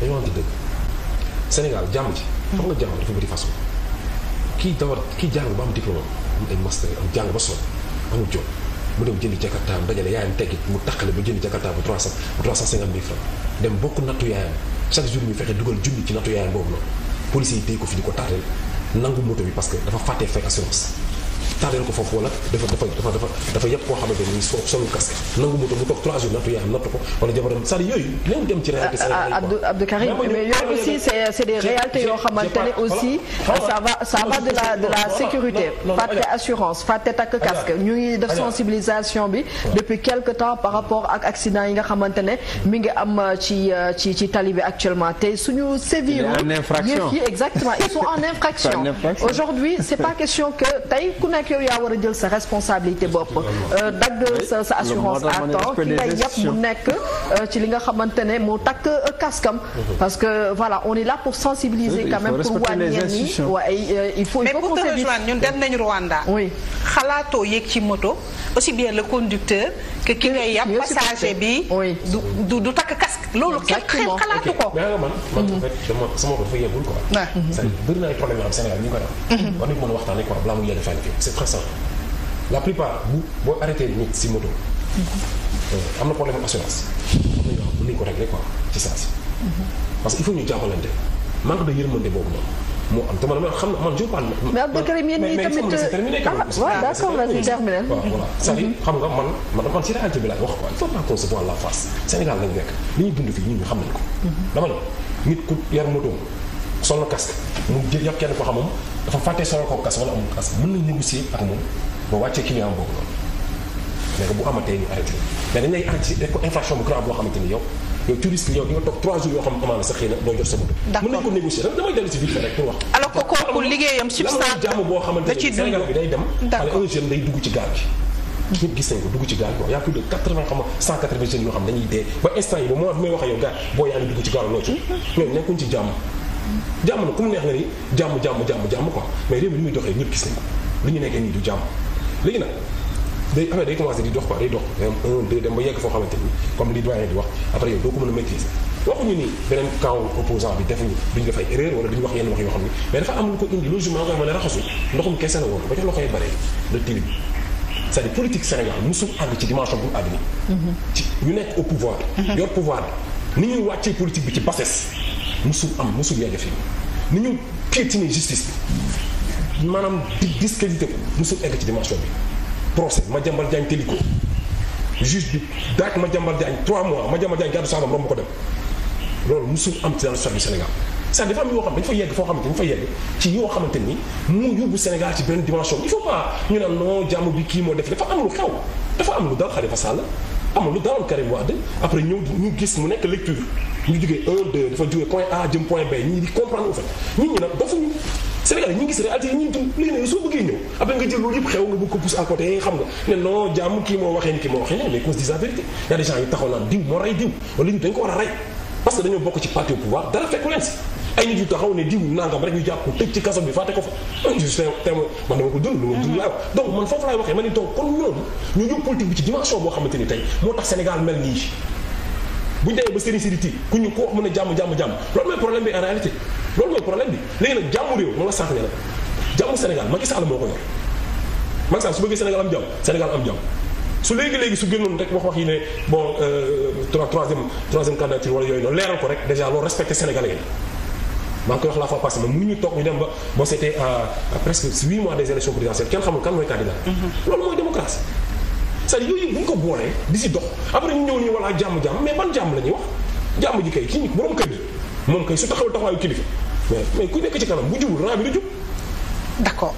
dañoo wante dëgg Sénégal jàmm ji. xam nga jàmm dafa bëri façon kii dawar kii jàng ba am diplôme am ay master am jàng ba sol amul job mu dem jëndi jakartaam dajale yaayam teggit mu takkale ba jëndi jakartaam bu 300 bu 350 mille francs dem bokk nattu yaayam chaque jour ñu fexe dugal junni ci nattu yaayam boobu noonu police yi téye ko fi di ko tardel nangu moto bi parce que dafa fàttee fay assurance taaleen ko foofu wala dafa dafa dafa dafa dafa yëpp koo xamante ni so solul kase c'est-à-dire yooyu léew dem aussi c'est c'est de la sécurité fàtte assurance fàtte takk casque ñu ngi sensibilisation depuis quelque temps par rapport ak accident yi nga xamante ne mi ngi am euh, ci euh, ci ci tali bi actuellement te suñu sévir yëf yi exactement ils sont en infraction aujourd'hui c'est pas question que tey ku nekk nag yow yaa war a jël sa responsabilité bopp euh, dag sa sa assurance à temps ki ngay mu nekk euh, ci li nga xamante ne moo takk euh, kaskam mhm. parce que voilà on est là pour sensibiliser quand même pour wàññeen ñi waaye il faut il faut qu'on se dise mais pour te rejoindre ñun dem nañu Rwanda xalaatoo yéeg ci moto aussi bien le conducteur que ki ngay yàpp passager bi du du takk casque loolu kenn xalaatu ko man man en fait dama sama ko dafa yebul quoi c'est-à-dire bëri na ay problème am Sénégal ñu ko def mhm. war nañu mën a boo arrêté nit si moto euh, am na problème assurance ko régler quoi ci saa si mhm. parce il faut ñu jàppalante manque de yërmande boobu noonu moo am te man man xam man jubal na. mais Abdou Karim yéen ñii tamit waaw ah, d'accord vas-y terminé. waaw voilà c'est-à-dire mm-hmm. xam nga man man man ci réalité bi laay wax quoi il faut pas qu'on se voit la face Sénégal lañ nekk li ñuy dund fii ñun ñu xam nañ ko. Mm-hmm. dama ne nit ku yar moto sol na casque mu jël yàpp kenn ko xamam dafa fàtte solo ko casque wala amul casque mën nañ négocier ak moom ba wàccee client boobu noonu. mais bu amatee ñu arrêté mais dañ lay arrêté def ko infraction bu grave boo xamante ni yow yow touriste yow di nga toog 3 jours yoo xam ne amaana sax xëy na doo jot sa bopp. d'accord mën ko négocier bi day dem. d'accord un day dugg ci gaal gi. ñëpp gis nañ ko dugg ci gaal quoi nekkuñ ci jàmm. jàmm na ku mu neex nga ni jàmm jàmm jàmm jàmm réew mi ni muy doxee ñëpp gis nañ ko li ñu nekkee nii du jàmm léegi nag day affaire day commencé di dox quoi day dox day am un deux dem ba yegg foo xamante ni comme li doyen di wax après yow doo ko mën a maîtriser waxuñu ni beneen camp opposant bi defuñu duñ def ay erreur wala duñ wax yenn wax yoo xam ni mais dafa am lu ko indi logiquement nga xam ne raxasu ndoxum kese la woon ba ca loxo yi bare la tilim c'est-à-dire politique Sénégal musul àgg ci dimension bu mu àgg nii ci ñu nekk au pouvoir yor pouvoir ni ñuy wàccee politique bi ci bassesse musul am musul yegg fi ni ñu piétiner justice bi maanaam di discrédité ko musul egg ci dimension bi procès Madiambal Diagne Téliko juge bi daaj Madiambal Diagne 3 mois Madiambal Diagne gàddu saagam romb ko dem loolu musul am ci dans l'histoire du Sénégal sax dafa am yoo xam ne dañu fa yegg foo xamante ni dañu fa yegg ci yoo xamante ni mu yóbbu Sénégal ci benn dimension il faut pas ñu naan non jàmm bi kii moo def dafa am lu xew dafa am lu dal Khalifa Sall amul lu daloon Karim Wade après ñu gis mu nekk lecture ñu jugee 1 2 dafa jugee point A jëm point B ñii Sénégal ñu ngi gis réalité yi ñun tam léegi nag soo bëggee ñëw après nga jël loolu yëpp xew nga bëgg ko pousse à a des a ne diw nangam rek ñu jàpp ko tëj ah, tey moo tax Sénégal mel nii bu ñu demee ba sëriñ ku ñu ko wax mu ne jàmm jàmm jàmm loolu mooy problème bi en réalité loolu mooy problème bi léegi nag jàmmu réew moom la sànq ne la jàmmu Sénégal Macky Sall moo ko yor Macky Sall su bëggee Sénégal su léegi-léegi su génnoon rek wax wax yi ne bon euh, troisième troisième candidature wala yooyu noonu leeral ko rek déjà loolu respecté Sénégalais yi maa ngi koy wax la fois toog ñu dem ba ba c'était à presque huit mois des élections présidentielles kenn xamul kan mooy candidat mm-hmm. loolu mooy ko boolee di si dox après ñu ñëw ñu walaa jàmm-jàmm mais ban jàmm la ñuy wax jàmm ji kay kii boroom kër gi moom kay su taxawul taxawaayu kilifa mais mais ku nekk ci kanam bu jubul rang bi du jub. d'accord.